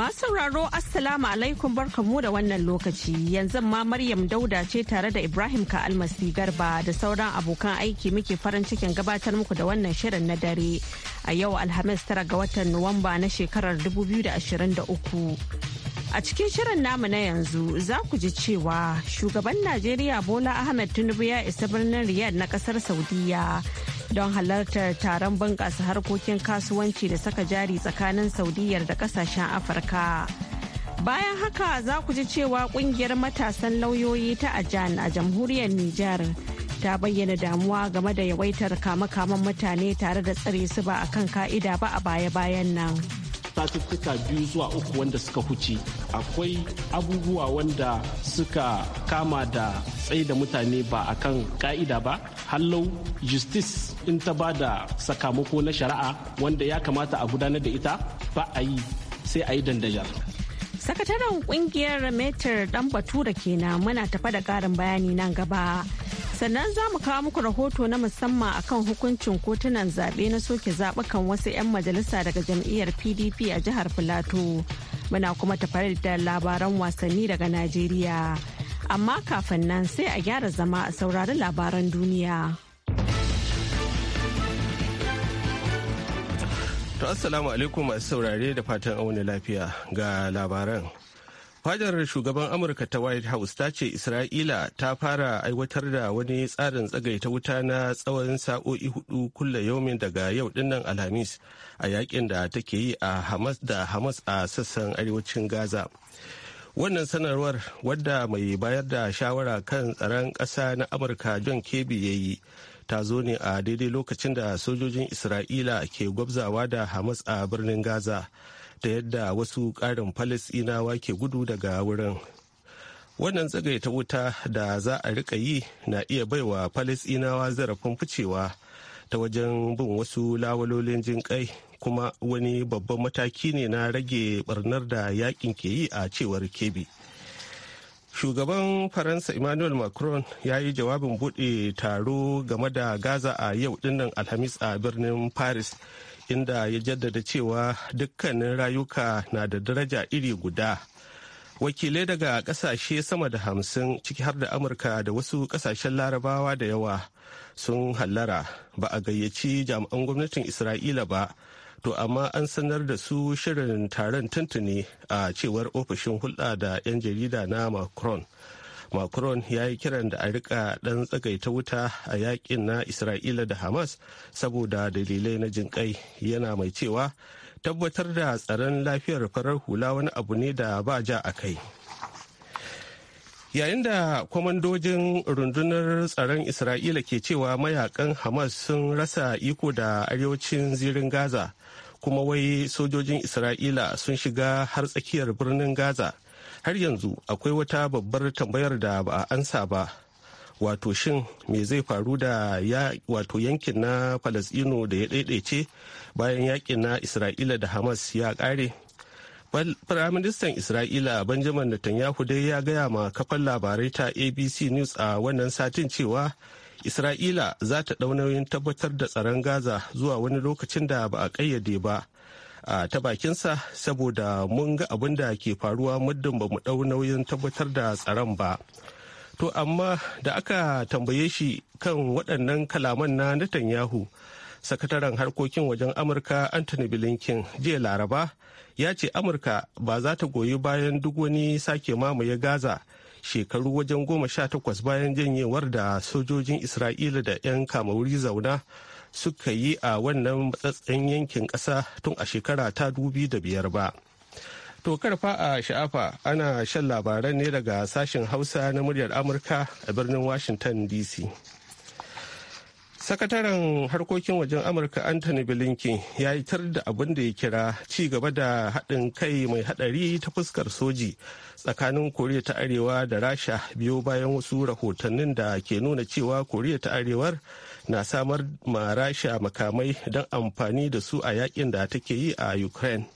Masu sauraro Assalamu alaikum barkamu da wannan lokaci yanzu ma Maryam Dauda ce tare da Ibrahim ka almasi Garba da sauran abokan aiki muke farin cikin gabatar muku da wannan shirin na dare a yau Alhamis tara ga watan Nuwamba na shekarar 2023. A cikin shirin namu na yanzu za ku ji cewa shugaban Najeriya Bola Ahmed Tinubu ya isa birnin Riyadh na kasar Saudiya don halartar taron bunƙasa harkokin kasuwanci da saka jari tsakanin Saudiyyar da kasashen Afirka. Bayan haka za ku ji cewa kungiyar matasan lauyoyi ta Ajan a jamhuriyar Nijar ta bayyana damuwa game da yawaitar kama-kaman mutane tare da tsare su ba a kan ka'ida ba a baya-bayan nan. satuttuka biyu zuwa uku wanda suka huce akwai abubuwa wanda suka kama da tsaye da mutane ba a kan ka'ida ba hallau justice in ta ba da sakamako na shari'a wanda ya kamata a gudanar da ita ba a yi sai a yi dandajar sakataren kungiyar metar dan batura kenan muna tafa da karin bayani nan gaba sannan za mu kawo muku rahoto na musamman akan hukuncin kotunan zaɓe na soke zaɓukan wasu 'yan majalisa daga jam'iyyar pdp a jihar filato muna kuma tafare da labaran wasanni daga najeriya amma kafin nan sai a gyara zama a saurari labaran duniya to assalamu alaikum masu saurare da fatan auna lafiya ga labaran Fadar shugaban Amurka ta White House ta ce Isra'ila ta fara aiwatar da wani tsarin tsagaita wuta na tsawon sa'o'i hudu kulle yomin daga yau dinnan Alhamis a yakin da take yi a Hamas da Hamas a sassan arewacin Gaza. Wannan sanarwar wadda mai bayar da shawara kan tsaron ƙasa na Amurka John Kirby ya yi ta zo ne a daidai lokacin da sojojin Isra'ila ke gwabzawa da Hamas a birnin Gaza. da yadda wasu ƙarin falasɗinawa ke gudu daga wurin wannan ta wuta da za a rika yi na iya baiwa falasɗinawa zarafin ficewa ta wajen bin wasu lawalolin jin kai kuma wani babban mataki ne na rage barnar da yakin ke yi a cewar kebi shugaban faransa emmanuel macron ya yi jawabin buɗe taro game da gaza a yau dinnan alhamis a birnin paris inda ya jaddada cewa dukkanin rayuka na da daraja iri guda wakilai daga kasashe sama da hamsin ciki har da amurka da wasu kasashen larabawa da yawa sun hallara ba a gayyaci jami'an gwamnatin isra'ila ba to amma an sanar da su shirin taron tuntuni a cewar ofishin hulɗa da 'yan jarida na macron macron ya yi kiran da a rika ɗan tsagaita wuta a yakin na isra'ila da hamas saboda dalilai na jin jinƙai yana mai cewa tabbatar da tsaron lafiyar farar hula wani abu ne da ba ja a kai yayin da kwamandojin rundunar tsaron isra'ila ke cewa mayakan hamas sun rasa iko da arewacin zirin gaza kuma wai sojojin isra'ila sun shiga har tsakiyar birnin gaza har yanzu akwai wata babbar tambayar da ba a ansa ba wato shin me zai faru da ya wato yankin na falasino da ya daidaice bayan yakin na isra'ila da hamas ya kare Firaministan Isra'ila Benjamin Netanyahu dai ya gaya ma kafan labarai ta ABC News a wannan satin cewa Isra'ila za ta nauyin tabbatar da tsaron Gaza zuwa wani lokacin da ba a ƙayyade ba. A ta bakinsa saboda mun ga abin da ke faruwa muddin ba mu ɗau nauyin tabbatar da tsaron ba. To amma da aka tambaye shi kan waɗannan kalaman na Netanyahu, sakataren harkokin wajen Amurka Anthony Blinken jiya Laraba ya ce amurka ba za ta goyi bayan duk wani sake mamaye gaza shekaru wajen goma sha takwas bayan janyewar da sojojin isra'ila da 'yan kamawuri zauna suka yi a wannan matsatsen yankin ƙasa tun a shekara ta dubi da biyar ba to karfa a sha'afa ana shan labaran ne daga sashen hausa na muryar amurka a birnin washington dc sakataren harkokin wajen amurka anthony blinken ya yi tar da abin da ya kira ci gaba da haɗin kai mai haɗari ta fuskar soji tsakanin koriya ta arewa da rasha biyo bayan wasu rahotannin da ke nuna cewa koriya ta arewar na samar ma rasha makamai don amfani da su a yakin da take yi a ukraine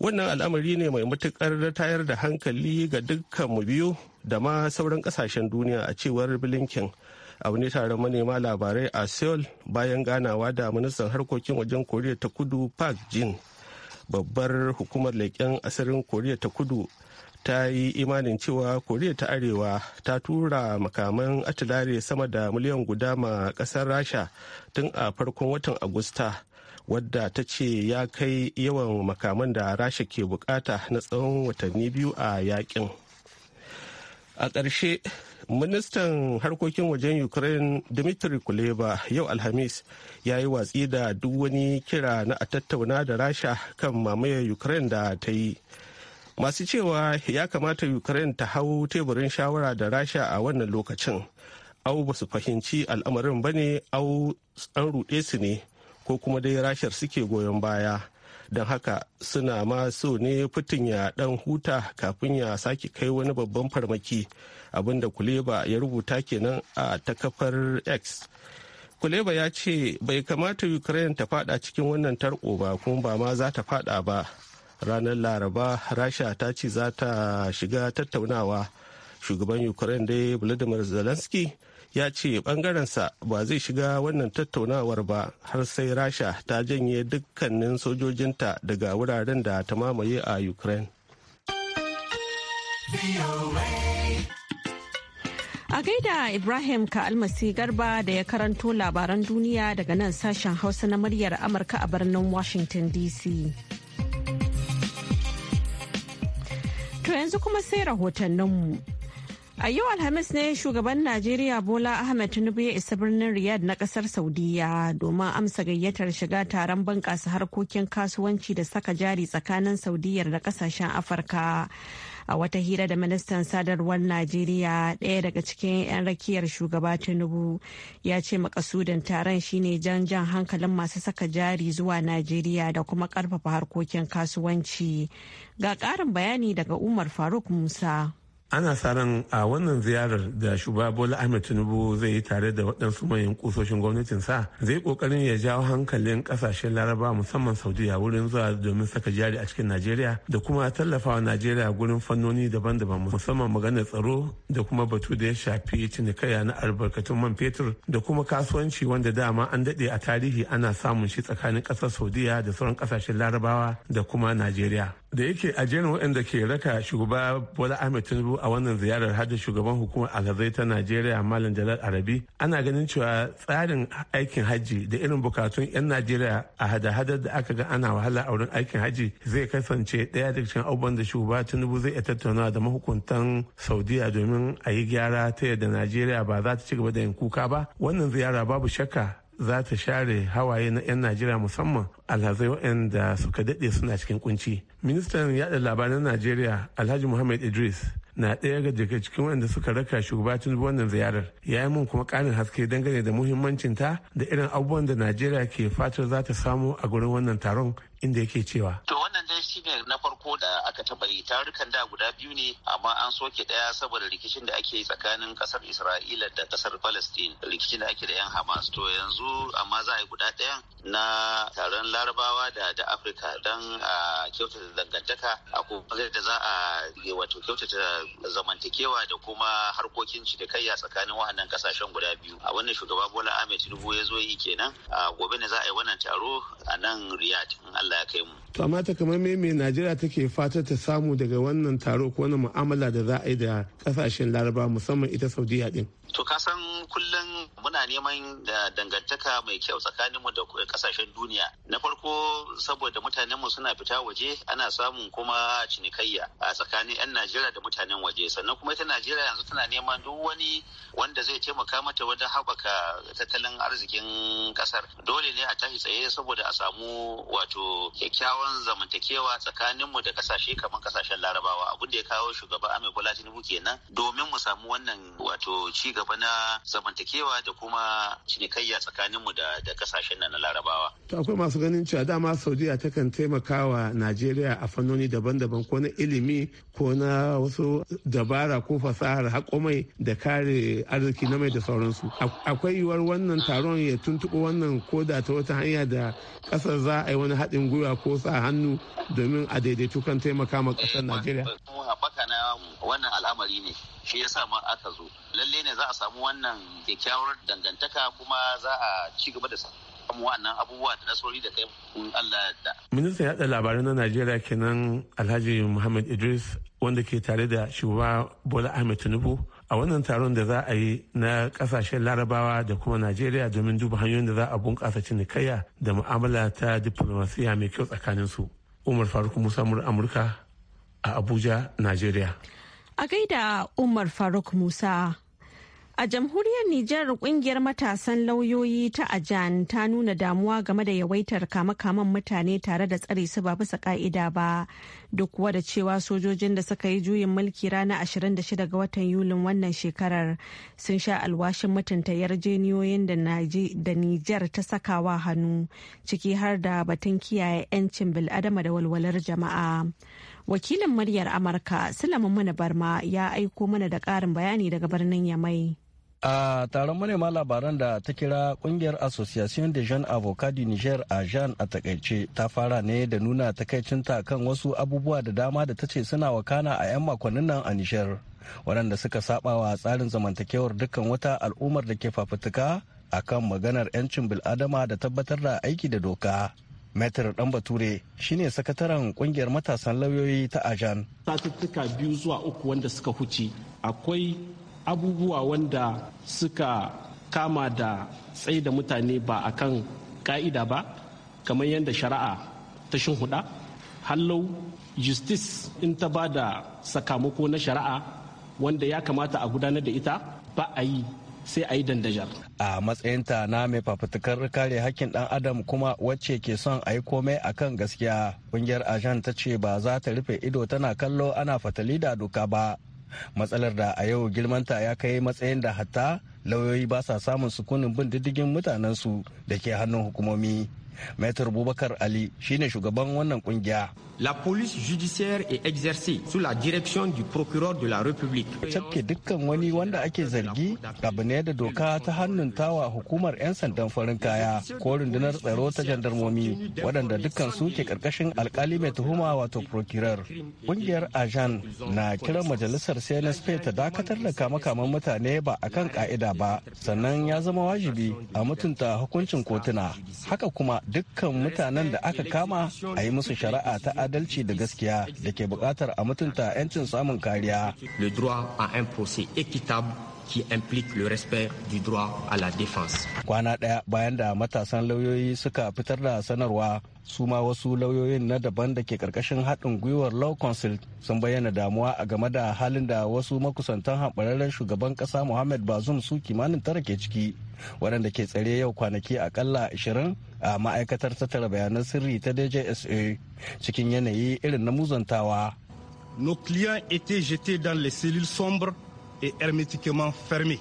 wannan al'amari ne mai matukar tayar da hankali ga dukkan mu biyu da ma sauran kasashen duniya a cewar blinken abu ne taron manema labarai a seoul bayan ganawa da ministan harkokin wajen koriya ta kudu park jin babbar hukumar leƙen asirin koriya ta kudu ta yi imanin cewa koriya ta arewa ta tura makaman atilare sama da miliyan guda ma kasar rasha tun a farkon watan agusta wadda ta ce ya kai yawan makaman da rasha ke bukata na tsawon watanni biyu a yakin a ƙarshe ministan harkokin wajen ukraine dmitry kuleba yau alhamis ya yi watsi da duk wani kira na a tattauna da rasha kan mamayar ukraine da ta yi masu cewa ya kamata ukraine ta hau teburin shawara da rasha a wannan lokacin au ba su fahimci al'amarin ba ne au an ruɗe su ne ko kuma dai rashar suke goyon baya don haka suna ma so ne fitin ya dan huta kafin ya sake kai wani babban farmaki abinda kuleba ya rubuta kenan a takafar x kuleba ya ce bai kamata ukraine ta fada cikin wannan tarko ba kuma ba ma za ta fada ba ranar laraba rasha ta ce za ta shiga tattaunawa shugaban ukraine dai vladimir zelensky ya ce bangarensa ba zai shiga wannan tattaunawar ba har sai rasha ta janye dukkanin sojojinta daga wuraren da ta mamaye a ukraine a gaida ibrahim ka almasi garba da ya karanto labaran duniya daga nan sashen hausa na muryar amurka a birnin washington dc To yanzu kuma sai rahotanninmu. A yau Alhamis ne shugaban Najeriya Bola Ahmed Tinubu ya isa birnin Riyadh na kasar Saudiya domin amsa gayyatar shiga taron bunƙasa harkokin kasuwanci da saka jari tsakanin Saudiya da kasashen Afirka. A wata hira da ministan sadarwar Najeriya ɗaya daga cikin 'yan rakiyar shugaba Tinubu ya ce makasudin taron shine jan jan hankalin masu saka jari zuwa Najeriya da kuma ƙarfafa harkokin kasuwanci. Ga ƙarin bayani daga Umar Faruk Musa. ana sa ran a wannan ziyarar da shugaba bola ahmed tinubu zai yi tare da waɗansu manyan kusoshin sa zai ƙoƙarin ya jawo hankalin ƙasashen laraba musamman saudiya wurin zuwa domin saka jari a cikin najeriya da kuma tallafawa najeriya gurin fannoni daban-daban musamman maganar tsaro da kuma batu da ya shafi cinikayya na albarkatun man fetur da kuma kasuwanci wanda dama an daɗe a tarihi ana samun shi tsakanin ƙasar saudiya da sauran ƙasashen larabawa da kuma najeriya da yake ajiyar waɗanda ke raka shugaba bola ahmed tinubu a wannan ziyarar da shugaban hukumar alhazai ta najeriya malam jalal arabi ana ganin cewa tsarin aikin hajji da irin bukatun 'yan najeriya a hada-hadar da aka ga ana wahala a wurin aikin hajji zai kasance ɗaya daga cikin abubuwan da shugaba tinubu zai iya tattaunawa da mahukuntan saudiya domin a yi gyara ta yadda najeriya ba za ta ci gaba da yin kuka ba wannan ziyara babu shakka za ta share hawaye na 'yan najeriya musamman alhazai waɗanda suka daɗe suna cikin kunci ministan yaɗa labaran najeriya alhaji muhammad idris na ɗaya ga daga cikin wanda suka raka shugabacin wannan ziyarar ya yi mun kuma ƙarin haske dangane da muhimmancin ta da irin abubuwan da najeriya ke fatar za ta samu a gurin wannan taron inda yake cewa to wannan dai shine na farko da aka taba yi tarukan da guda biyu ne amma an soke daya saboda rikicin da ake yi tsakanin kasar isra'ila da kasar palestine rikicin da ake da yan hamas to yanzu amma za a yi guda ɗayan na taron larabawa da da afirka don a ah, kyautata dangantaka a kuma da za a wato kyautata zamantakewa da kuma harkokin cinikayya tsakanin waɗannan kasashen guda biyu a wannan shugaba bola ahmed tinubu ya zo yi kenan a gobe ne za a yi wannan taro a nan riyad in allah ya kai mu to amma ta kamar me me najeriya take fata ta samu daga wannan taro ko wannan mu'amala da za a yi da kasashen laraba musamman ita saudiya din To ka san kullum muna neman da dangantaka mai kyau tsakanin mu da kasashen duniya. Na farko saboda mutanen mu suna fita waje ana samun kuma cinikayya a tsakanin 'yan Najeriya da mutanen kasashen waje sannan kuma ita najeriya yanzu tana neman duk wani wanda zai taimaka mata wajen haɓaka tattalin arzikin ƙasar dole ne a tashi tsaye saboda a samu wato kyakkyawan zamantakewa tsakaninmu da kasashe kamar kasashen larabawa abin da ya kawo shugaba amai bola tinubu kenan domin mu samu wannan wato ci gaba na zamantakewa da kuma cinikayya tsakaninmu da da kasashen nan na larabawa to akwai masu ganin cewa dama saudiya takan taimaka wa najeriya a fannoni daban-daban ko na ilimi ko na wasu dabara ko fasahar haƙo mai da kare arziki na mai da sauransu akwai yiwuwar wannan taron ya tuntuɓo wannan koda ta wata hanya da ƙasar za a yi wani haɗin gwiwa ko sa hannu domin a daidaitu kan taimaka ma ƙasar eh, najeriya wannan al'amari ne shi yasa ma aka zo lalle ne za a samu wannan kyakkyawar dangantaka kuma za a ci gaba da samu abubuwa da nasarori da kai Allah ya Ministan yaɗa labarai na Najeriya kenan Alhaji Muhammad Idris wanda ke tare da shugaba Bola Ahmed Tinubu a wannan taron da za a yi na kasashen larabawa da kuma najeriya domin duba hanyoyin da za a bunƙasa cinikayya da mu'amala ta diplomasiya mai kyau tsakanin su umar faruk musa mur amurka a abuja najeriya a gaida umar faruk musa A jamhuriyar Nijar kungiyar matasan lauyoyi ta Ajan ta nuna damuwa game da yawaitar kama-kaman mutane tare da tsare su ba bisa ka'ida ba duk kuwa da cewa sojojin da suka yi juyin mulki ranar 26 ga watan Yulin wannan shekarar sun sha alwashin mutunta yarjeniyoyin da Nijar ta sakawa hannu ciki har da batun kiyaye 'yancin bil'adama da walwalar jama'a. Wakilin muryar Amurka Sulaiman Mana Barma ya aiko mana da ƙarin bayani daga birnin Yamai. a taron manema labaran da ta kira kungiyar association de jeunes avocats du niger a jean a takaice ta fara ne da nuna takaicinta kan wasu abubuwa da dama da ta ce suna wakana a 'yan makonnin nan a niger waɗanda suka saba wa tsarin zamantakewar dukkan wata al'ummar da ke fafutuka kan maganar 'yancin bil'adama da tabbatar da aiki da doka Metar Dan Bature shine sakataren kungiyar matasan lauyoyi ta Ajan. Satuttuka biyu zuwa uku wanda suka huce akwai abubuwa wanda suka kama da tsaye da mutane ba a kan ka'ida ba kamar yadda shari'a ta shinhuda hallau justice in ta ba da sakamako na shari'a wanda ya kamata a gudanar da ita ba a yi sai a yi dandajar. A matsayinta na mai fafutukar kare hakkin dan adam kuma wacce ke son a yi komai a kan gaskiya, ƙungiyar Ajan ta ce ba za ta rufe ido tana kallo ana fatali da doka ba. matsalar da a yau girmanta ya kai matsayin da hatta lauyoyi ba sa samun sukunin bin diddigin mutanensu da ke hannun hukumomi. Maitar Bubakar Ali shine shugaban wannan kungiya. La police judiciaire est exercée sous la direction du procureur de la République. cakke dukkan wani wanda ake zargi abu ne da doka ta hannuntawa hukumar 'yan sandan farin kaya ko rundunar tsaro ta jandarmomi waɗanda dukkan su ke karkashin alkali mai tuhuma wato procurer. Ƙungiyar Ajan na kiran majalisar CNSP ta dakatar da kama-kaman mutane ba a kan ka'ida ba sannan ya zama wajibi a mutunta hukuncin kotuna. Haka kuma dukkan mutanen da aka kama a yi musu shari'a ta adalci da gaskiya da ke bukatar a mutunta 'yancin samun kariya. Le droit à un procès équitable qui implique le respect du droit à la défense. Kwana ɗaya bayan da matasan lauyoyi suka fitar da sanarwa su ma wasu lauyoyin na daban da ke karkashin haɗin gwiwar law council sun bayyana damuwa a game da halin da wasu makusantan haɓararren shugaban ƙasa Muhammad Bazoum su kimanin tara ke ciki waɗanda ke tsare yau kwanaki akalla 20 a ma'aikatar tattara bayanan sirri ta DJSA cikin yanayi irin na muzantawa. Nos clients étaient jetés dans les cellules sombres et hermétiquement fermées,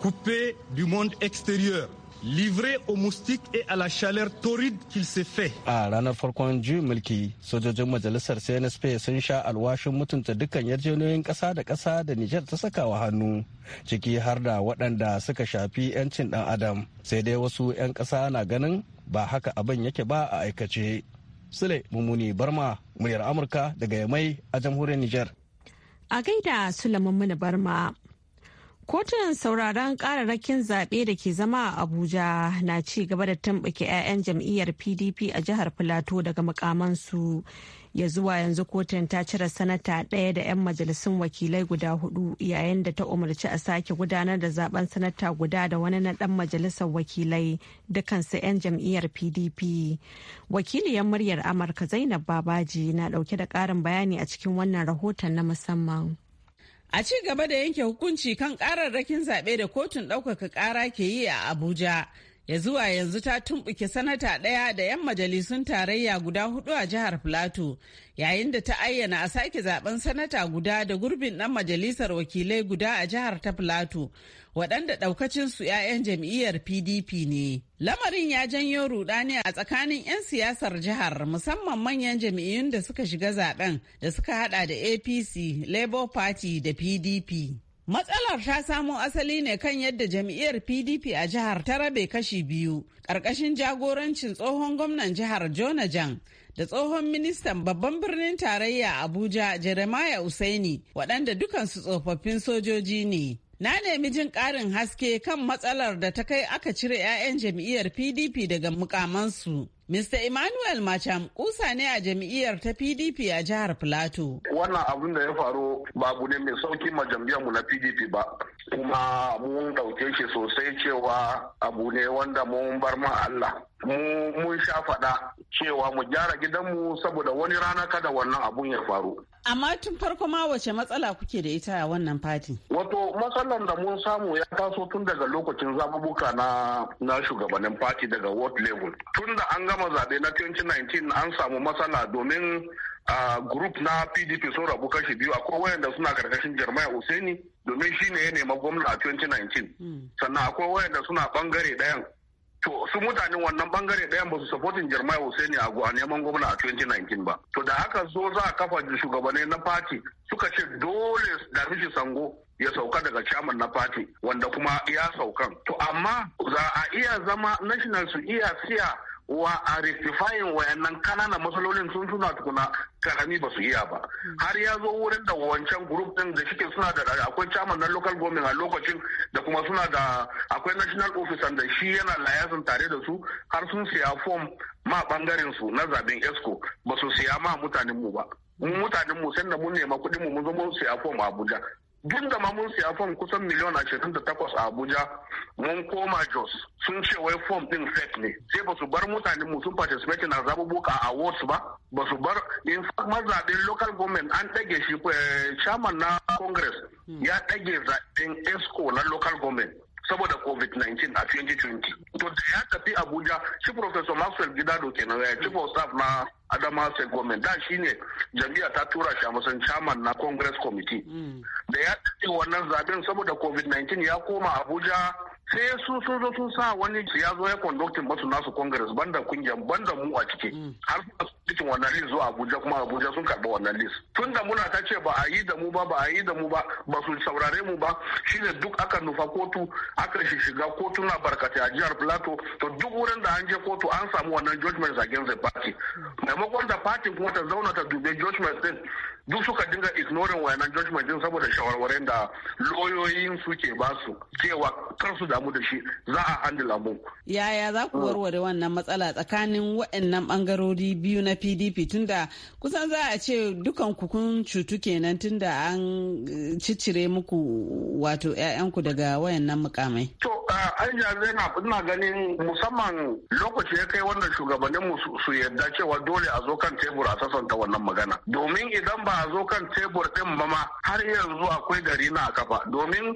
coupés du monde extérieur livré au moustique et à la chaleur torride qu'il s'est fait. A ranar farkon juyin mulki, sojojin majalisar CNSP sun sha alwashin mutunta dukkan yarjejeniyoyin ƙasa da ƙasa da Nijar ta saka wa hannu, ciki har da waɗanda suka shafi 'yancin ɗan adam. Sai dai wasu 'yan ƙasa na ganin ba haka abin yake ba a aikace. Sule Mumuni Barma, muryar Amurka daga Yamai a jamhuriyar Nijar. A gaida Sulaiman Muni Barma. Kotun sauraron kararrakin zaɓe da ke zama a Abuja na ci gaba da tumɓuke 'ya'yan jam'iyyar PDP a jihar Filato daga mukamansu. Ya zuwa yanzu kotun ta cire sanata ɗaya da 'yan majalisun wakilai guda hudu yayin da ta umarci a sake gudanar da zaben sanata guda da wani na ɗan majalisar wakilai dukansu 'yan jam'iyyar PDP. Wakiliyar muryar Amurka Zainab Babaji na ɗauke da ƙarin bayani a cikin wannan rahoton na musamman. A ci gaba da yanke hukunci kan kararrakin zaɓe da kotun ɗaukaka ƙara ke yi a Abuja, ya zuwa yanzu ta tumbuke sanata ɗaya da 'yan majalisun tarayya guda hudu a jihar plateau yayin da ta ayyana a sake zaben sanata guda da gurbin ɗan majalisar wakilai guda a jihar ta plateau waɗanda su 'ya'yan jam'iyyar pdp ne lamarin ya janyo rudani a tsakanin 'yan siyasar jihar musamman manyan jam'iyyun da suka shiga zaben da suka hada da apc labour party da pdp Matsalar ta samo asali ne kan yadda jam'iyyar PDP a jihar ta rabe kashi biyu, ƙarƙashin jagorancin tsohon gwamnan jihar jonajan da tsohon ministan babban birnin tarayya Abuja Jeremiah Usaini waɗanda dukansu tsofaffin sojoji ne. Na nemi jin ƙarin haske kan matsalar da ta kai aka cire 'ya'yan jam'iyyar PDP daga mukamansu. Mr. Emmanuel Macham kusa ne a jam'iyyar ta PDP a jihar Plateau. Wannan abin da ya faru babu ne mai sauƙi ma jam'iyyar mu na PDP ba. kuma mun ɗauke shi sosai cewa abu ne wanda mun bar ma Allah. Mun sha faɗa cewa mu gyara gidanmu saboda wani rana kada wannan abun ya faru. Amma tun farko ma wace matsala kuke da ita a wannan fati? Wato matsalar da mun samu ya taso tun daga lokacin zabubuka na na shugabannin fati daga world level. Tun da an gama zaɓe na 2019 an samu matsala domin a group na pdp sun rabu kashi biyu akwai wayanda suna karkashin jeremiah Useni domin shi ne ya nema gwamna a 2019 hmm. sannan akwai wayanda suna bangare ɗayan to su mutanen wannan bangare ɗayan ba su supportin jeremiah Useni a neman gwamna a 2019 ba to da aka zo za a kafa shugabanni na party suka ce dole da mishi sango ya sauka daga chairman na party wanda kuma ya saukan to amma za a iya zama national su iya siya wa a rectifying wayannan kananan matsalolin sun suna tukuna karami ba su iya ba hmm. har ya zo wurin da wancan group din da shike suna da akwai chairman na local government a lokacin da kuma suna da akwai national officer da shi yana layasin tare da su har sun siya form ma bangaren su na zaben esco ba su siya ma mutanen mu ba mu mutanen mu sanda mun nema kuɗin mu mun zo mu siya form a Abuja duk da ma mun siya fom kusan miliyan ashirin da takwas a abuja mun koma jos sun ce wai fom din fake ne sai ba su bar mutane mu sun participate na zabubuka a awards ba ba su bar in mazaɓin local government an ɗage shi eh, chairman na congress hmm. ya ɗage zaɓen esco na local government saboda covid-19 a 2020 to da ya tafi abuja shi professor maxwell gidado kenan ya eh, chief of staff na adama state government da shi ne jami'a ta tura shi a chairman na congress committee mm. da ya tafi wannan zaben saboda covid-19 ya koma abuja sai su sun zo sun sa wani ya zo ya conducting masu nasu congress banda kungiyar banda mu a ciki mm. har cikin wannan list zuwa abuja kuma abuja sun karɓi wannan list tun da muna ta ce ba a yi da mu ba ba a yi da mu ba ba su saurare mu ba shine duk aka nufa kotu aka shi shiga kotuna barkata a jihar plateau to duk wurin da an je kotu an samu wannan judgment against the party maimakon da party kuma ta zauna ta dube judgment din duk suka dinga ignoring wayannan judgment din saboda shawarwarin da lauyoyin suke basu cewa kansu da damu da shi za a handle abun. Yaya za ku warware wannan matsala tsakanin waɗannan bangarori biyu na PDP tunda kusan za a ce dukan ku cutu kenan tunda an eh, ciccire muku wato 'ya'yanku daga wayannan mukamai. To ya na ina ganin musamman lokaci ya kai wanda shugabannin mu su yarda cewa dole a zo kan tebur a sassanta wannan magana. Domin idan ba a zo kan tebur ɗin ba ma har yanzu akwai gari na a kafa. Domin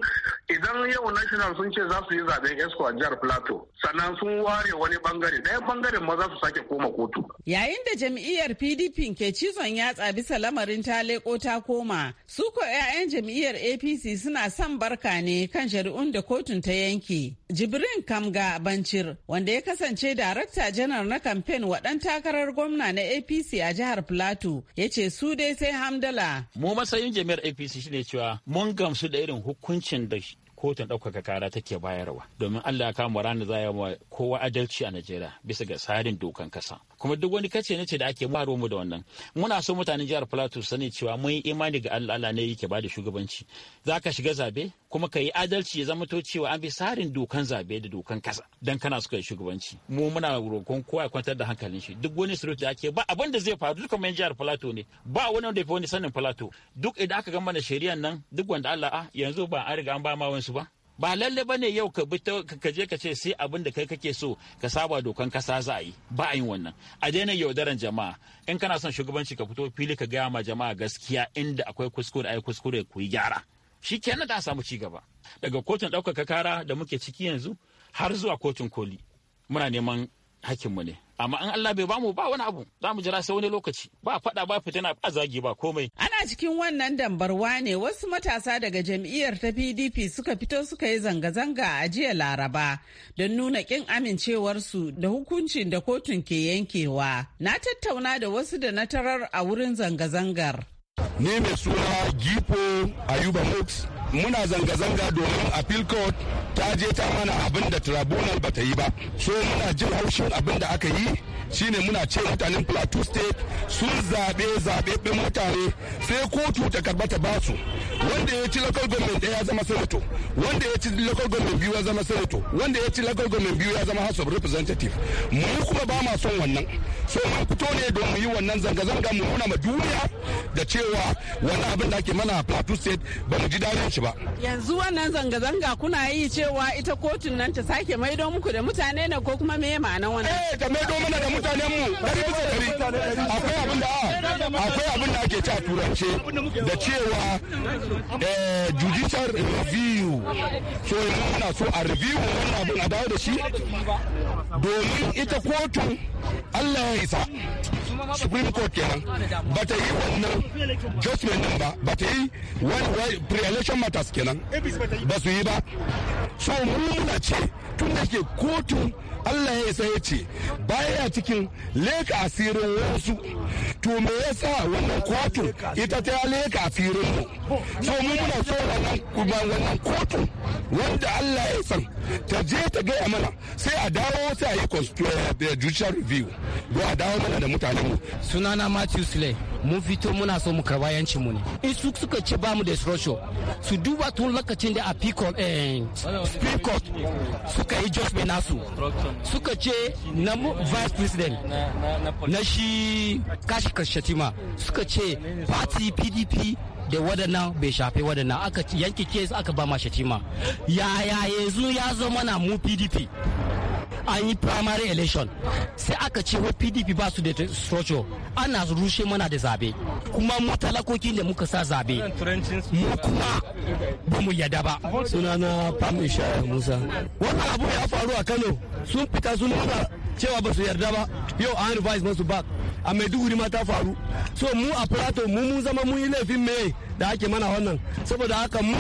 idan yau national sun ce za su su yi zaben esko a jihar plateau sannan sun ware wani bangare ɗaya bangaren maza su sake koma kotu. yayin da jam'iyyar pdp ke cizon yatsa bisa lamarin ta leko ta koma su ko 'ya'yan jam'iyyar apc suna son barka ne kan shari'un da kotun ta yanke jibrin kamga bancir wanda ya kasance darakta janar na kamfen waɗan takarar gwamna na apc a jihar plateau ya ce su dai sai hamdala mu matsayin jami'ar apc shine cewa mun gamsu da irin hukuncin da kotun ɗaukaka kara take bayarwa domin allah ya kama ranar za wa kowa adalci a najeriya bisa ga tsarin dokan kasa kuma duk wani kace ne ce da ake maro mu da wannan muna so mutanen jihar plateau sani cewa mun yi imani ga allah allah ne yake bada shugabanci za ka shiga zabe kuma ka yi adalci ya zama to cewa an bi tsarin dokan zabe da dokan kasa dan kana suka yi shugabanci mu muna roƙon kowa ya kwantar da hankalin shi duk wani surutu da ake ba abin da zai faru duka mai jihar plateau ne ba wani wanda ya wani sanin plateau duk idan aka gama da shari'an nan duk wanda Allah a ah, yanzu ba an riga an ba ma wansu ba ba lalle bane yau ka bi ka je ka ce sai abin da kai kake so ka saba dokan kasa za a yi ba a yin wannan a daina yaudaran jama'a in kana son shugabanci ka fito fili ka gaya ma jama'a gaskiya inda akwai kuskure ai kuskure ku yi gyara shi kenan da samu ci gaba daga kotun ɗaukaka kara da muke ciki yanzu har zuwa kotun koli muna neman mu ne amma an Allah bai bamu ba wani abu za mu jira sai wani lokaci ba fada ba fitina ba zagi ba komai ana cikin wannan dambarwa ne wasu matasa daga jam'iyyar ta PDP suka fito suka yi zanga-zanga a jiya Laraba don nuna kin amincewarsu da hukuncin da kotun ke yankewa na tattauna da wasu da na tarar a wurin zanga-zangar ne mai suna Gipo Ayuba Hawks. muna zanga-zanga domin a court ta je ta mana abin da tribunal ba ta yi ba so muna jin haushin abin da aka yi shine muna ce mutanen plateau state sun zaɓe zaɓe mutane sai kotu ta karba ta basu wanda ya ci local government ɗaya ya zama senator wanda ya ci local government biyu ya zama senator wanda ya ci local government biyu ya zama house of representative mu kuma ba ma son wannan so mun fito ne don mu yi wannan zanga-zanga mu nuna ma duniya da cewa wani abin da ake mana plateau state ba mu ji daɗin shi ba yanzu wannan zanga-zanga kuna yi cewa ita kotun nan ta sake maido muku da mutane ne ko kuma meye ma'ana wannan eh ta maido mana da mutanen mu dari bisa dari akwai abin da akwai abin da ake ta turance da cewa eh judicial review so yanzu muna so a review wannan abin a dawo da shi domin ita kotun Allah ya isa Supreme Court kenan ba ta yi wannan judgment ba ba ta yi wani pre-election matters kenan ba su yi ba so mu ce tun da ke kotun Allah ya isa ya ce baya cikin leka asirin wasu to me yasa wannan kotun ita ta leka asirin mu so mu muna so wannan kotun wanda Allah ya san ta je ta gaya mana sai a dawo sai a yi judicial review a dawo mana da mutanen mu sunana Matthew Slay mun fito muna so mu karba yancin mu ne in su suka ce ba mu da instruction su duba tun lokacin da a eh, Supreme Court suka yi judgment nasu suka ce na vice president na shi kashi Shatima suka ce party pdp da waɗannan bai shafe waɗannan aka yanke kes aka ba ma shatima yaya yanzu ya zama na mu pdp an yi primary election sai aka ce wa pdp ba su da structure ana rushe mana da zabe kuma mu da muka sa zabe mu kuma ba mu yada ba sunana pam ishaya musa wannan abu ya faru a kano sun fita sun nuna cewa ba su yarda ba yau an revise masu back a maiduguri ma ta faru so mu a plateau mu mun zama mun yi laifin me da ake mana wannan saboda haka mu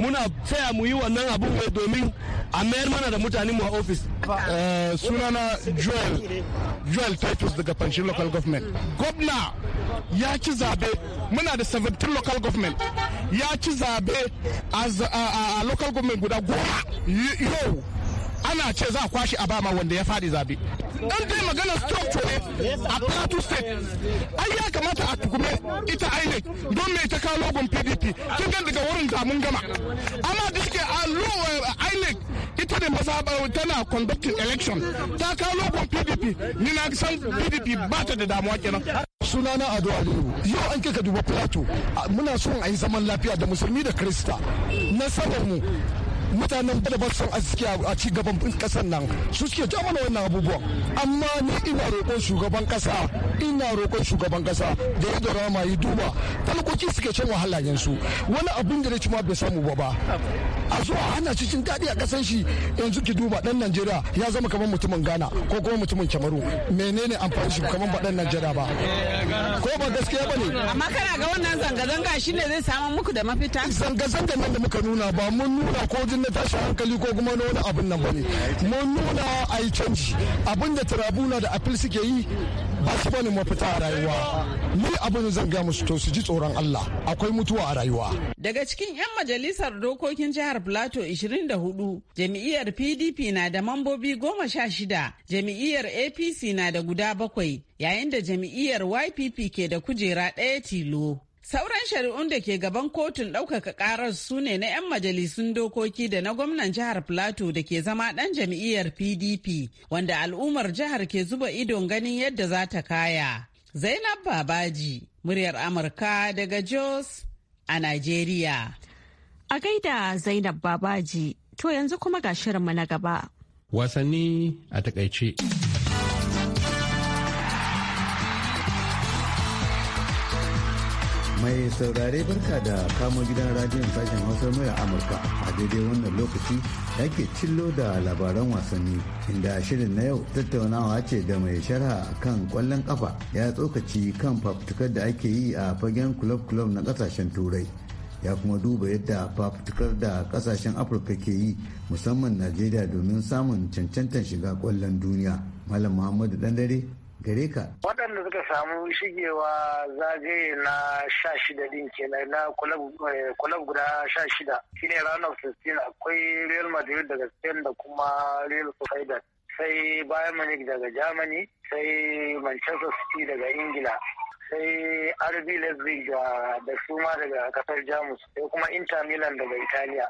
muna taya mu yi wannan abu ne domin a mayar mana da mutane mu a ofis eh, sunana joel joel titus daga fanshin local government gwamna ya ci zabe muna da 17 local government ya ci zabe a local government guda goma yau ana ce za a kwashe a bama wanda ya faɗi zabe dan dai maganar to ne a plateau state ai ya kamata a tukume ita inec don me ta kawo logon pdp kin gan daga wurin da mun gama amma da suke a eh, inec ita da masaba tana conducting election ta kawo logon pdp ni na san pdp ba ta da damuwa kenan sunana ado aliyu yau an kika duba plateau muna son a yi zaman lafiya da musulmi da krista sabon mu mutanen da ba su arziki a ci gaban kasar nan su suke ja mana wannan abubuwan amma ni ina roƙon shugaban kasa ina roƙon shugaban kasa da ya dora ma yi duba talakoki suke cin wahala yanzu wani abin da ne ci ma bai samu ba ba a zo a hana cikin daɗi a kasan shi yanzu ki duba ɗan najeriya ya zama kamar mutumin ghana ko kuma mutumin kyamaru menene amfani shi kamar ba ɗan najeriya ba ko ba gaskiya ba ne amma kana ga wannan zanga-zanga ne zai samu muku da mafita zanga-zanga nan da muka nuna ba mun nuna ko jin na tashi hankali ko kuma na wani abin nan bane mun nuna a yi canji abin da tarabuna da apil suke yi ba su bane mafita a rayuwa ni abin zan ga musu to su ji tsoron Allah akwai mutuwa a rayuwa daga cikin yan majalisar dokokin jihar Plateau 24 jami'iyar PDP na da mambobi goma sha shida jami'iyar APC na da guda bakwai yayin da jami'iyar YPP ke da kujera ɗaya tilo Sauran shari'un da ke gaban kotun ɗaukaka ƙarar su ne na 'yan majalisun dokoki da na gwamnan jihar Plateau da ke zama ɗan jam'iyyar PDP, wanda al'ummar jihar ke zuba idon ganin yadda za ta kaya. Zainab Babaji, muryar Amurka daga Jos a Najeriya. A gaida Zainab Babaji, to yanzu kuma ga shirinmu na gaba. Wasanni a takaice. mai saurare barka da kamo gidan radiyon sashen hausar a amurka a daidai wannan lokaci da ke cillo da labaran wasanni inda shirin na yau tattaunawa ce da mai sharha kan kwallon kafa ya tsokaci kan fafutukar da ake yi a fagen kulob club na kasashen turai ya kuma duba yadda fafutukar da kasashen afirka ke yi musamman najeriya domin samun cancantar shiga kwallon duniya malam muhammadu dandare gare ka. Waɗanda suka samu shigewa zagaye na sha shida din kenan na kulab eh, guda sha shida shine rano 16 akwai Real Madrid daga Spain da kuma Real Sociedad. Sai Bayern Munich daga Germany, sai Manchester City daga Ingila, sai RB Leipzig da su daga kasar Jamus, sai kuma Inter Milan daga Italiya.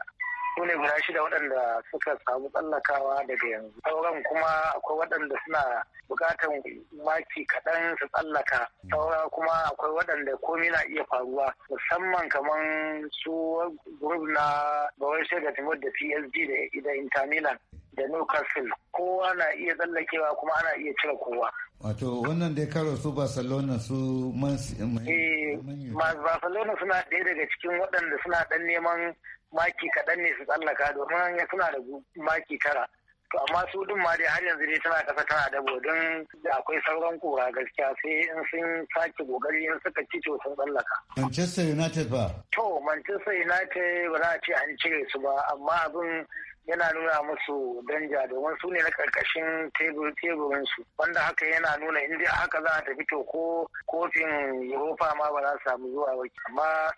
su ne guda shida waɗanda suka samu tsallakawa daga yanzu sauran kuma akwai waɗanda suna bukatan maki kaɗan su tsallaka saura kuma akwai waɗanda komi na iya faruwa musamman kamar su group na Borussia timur da PSG da Inter Milan da Newcastle kowa na iya tsallakewa kuma ana iya cire kowa wato wannan dai karo su barcelona su man eh, barcelona suna ɗaya daga cikin waɗanda suna ɗan neman maki kaɗan ne su tsallaka domin ya suna da maki tara to amma su din ma dai har yanzu dai tana kasa tana dabo don akwai sauran kura gaskiya sai in sun sake kokari in suka ci to sun tsallaka. Manchester United ba. To Manchester United ba za a ce an cire su ba amma abin yana nuna musu danja domin su ne na karkashin teburin su wanda haka yana nuna in haka za a tafi to ko kofin Europa ma ba za su samu zuwa wakil amma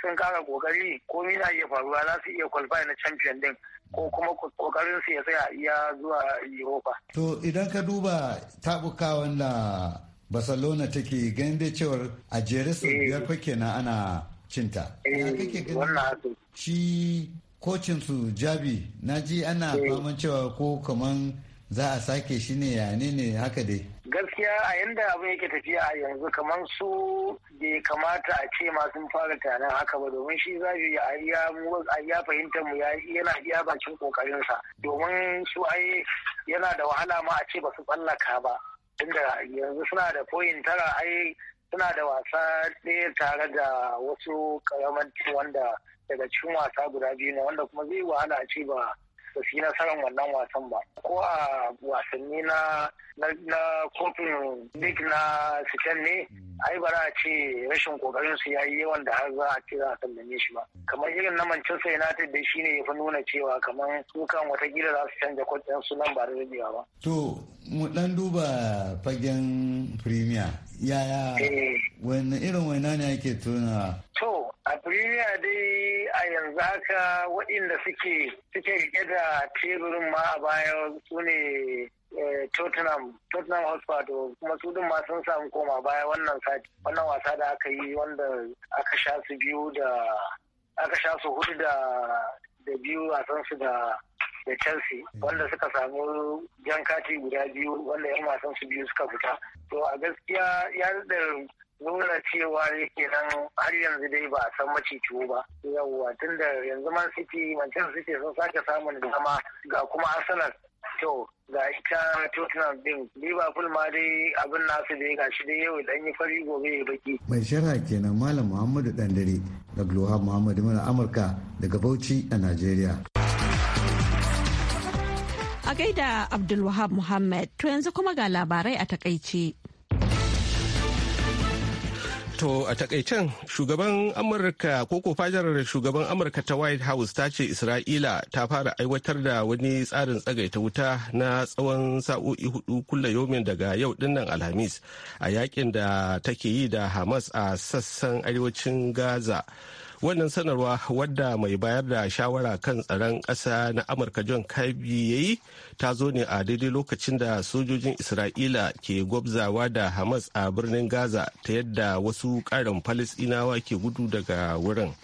sun kara kokari komi na iya faruwa za su iya kwalifai na champion din ko kuma kokarin su ya tsaya iya zuwa europa to idan ka duba tabukawan da barcelona take ganin da cewar a jere sau eh. biyar fa kenan ana cinta ya eh, shi kocin su jabi na ji ana eh. faman cewa ko kaman za a sake shi ne ya ne haka dai gaskiya a yadda abin yake tafiya a yanzu kamar su bai kamata a ce ma sun fara taron haka ba domin shi za a iya fahimtar mu yana iya bakin kokarinsa domin su ai yana da wahala ma a ce ba su tsallaka ba inda yanzu suna da koyin tara ai suna da wasa ɗaya tare da wasu karamar wanda daga cikin wasa guda biyu ne wanda kuma zai wahala a ce ba ba su yi nasarar wannan wasan ba ko a wasanni na na kofin na sitan ne mm. ai ba a ce rashin kokarin su yayi yawan da har za a ce za a shi ba mm. kamar irin na Manchester United da shine ya fi nuna cewa kamar wata gida za su canja kwatsen su nan ba da rabewa ba to mu dan duba fagen premier yaya eh. wani irin waina ne ake tona to a duniya dai a yanzu haka waɗanda suke suke rike da teburin ma a baya su ne eh, Tottenham Tottenham Hotspur to kuma su din ma sun samu koma baya wannan sati wannan wasa da aka yi wanda aka sha su biyu da aka sha su hudu da da biyu wasan su da da Chelsea hmm. wanda suka samu jan kati guda biyu wanda yan wasan su biyu suka fita to a gaskiya ya da nuna cewa ne kenan har yanzu dai ba a san maciciwo ba yawwa tunda yanzu man city mancan city sun sake samun dama ga kuma arsenal to ga ita tottenham din liverpool ma dai abin nasu da ya gashi dai yau dan yi fari gobe ya baki mai shara kenan malam muhammadu dandare da gloha muhammadu mana amurka daga bauchi a nigeria a gaida abdulwahab muhammad to yanzu kuma ga labarai a takaice To a takaicen shugaban Amurka koko shugaban Amurka ta White House ta ce Isra'ila ta fara aiwatar da wani tsarin tsagaita wuta na tsawon sa'o'i hudu kulla yomin daga yau dinnan Alhamis a yakin da take yi da Hamas a sassan arewacin Gaza. wannan sanarwa wadda mai bayar da shawara kan tsaron ƙasa na amurka john kirby ya yi ta zo ne a daidai lokacin da sojojin isra'ila ke gwabzawa da hamas a birnin gaza ta yadda wasu ƙarin falisdinawa ke gudu daga wurin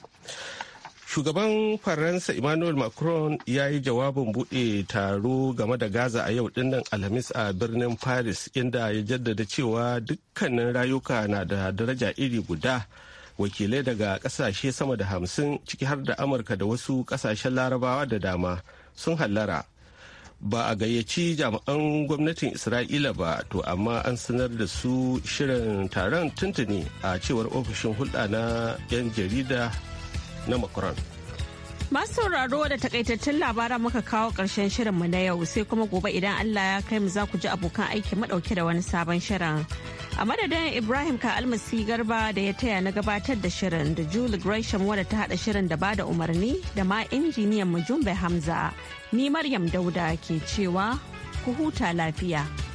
shugaban faransa emmanuel macron ya yi jawabin buɗe taro game da gaza a yau dinnan alhamis a birnin paris inda ya jaddada cewa dukkanin rayuka na da daraja iri guda wakilai daga kasashe sama da hamsin ciki har da amurka da wasu kasashen larabawa da dama sun hallara ba a gayyaci jami'an gwamnatin isra'ila ba to amma an sanar da su shirin taron tuntuni a cewar ofishin hulɗa na 'yan jarida na macron Masu sauraro da takaitaccen labaran muka kawo ƙarshen mu na yau sai kuma gobe idan Allah ya kai mu za ku ji abokan aiki madauke da wani sabon shirin. A madadin Ibrahim ka almasi garba da ya taya na gabatar da shirin da Julie Gresham wadda ta haɗa shirin da ba da umarni da ma injiniyan mu Jumbe Hamza. Ni Maryam Dauda ke cewa ku huta lafiya.